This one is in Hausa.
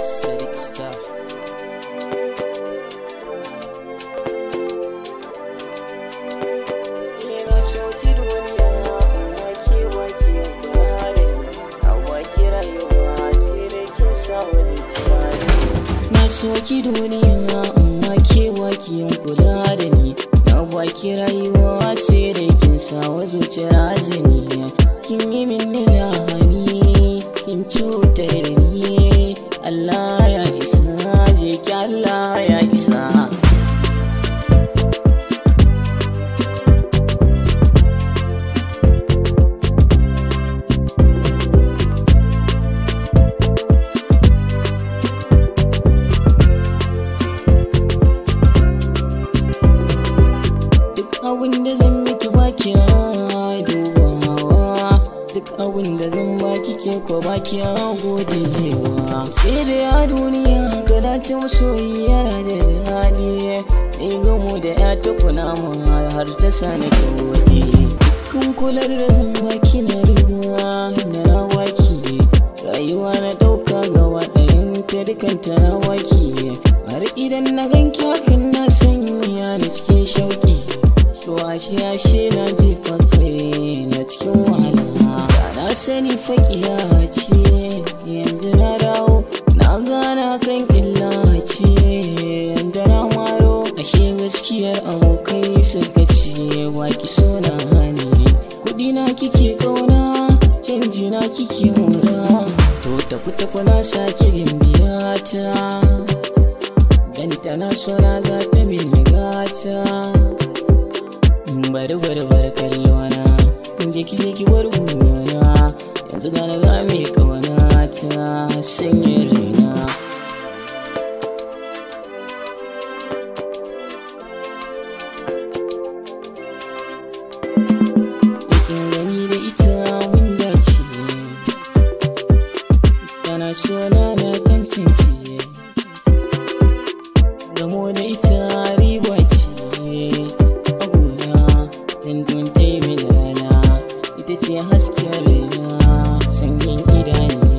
acidic stuff. Soki duniya za in wake wakiyan kula da ni Na waki rayuwa sai da kin sawa zuciyar azumi Kin yi min lahani kin cutar da ni love ce ko baki a godewa sai da ya duniya ka dace masoyi yana da daɗi ni gamu da ya tukuna mun har ta sani kawai kun kular da zan baki na ruwa na rawaki rayuwa na ɗauka ga waɗayin ta dukan ta rawaki har idan na ganki hakan makiya yanzu na dawo na gana kan illa ce yanda na maro ashe gaskiyar abokai suka ce waki suna hani kudi na kike kauna canji na kike hura to tafi tafi na sake bimbiya ta dan sona za ta min gata bari bari bar kallona jiki jiki war gona yanzu gane za mu yi kawana ta sanya raina Sona na tantance Gamo da ita riba ce a gona don don taimaka rana ita ce hasken rana sanyin idanu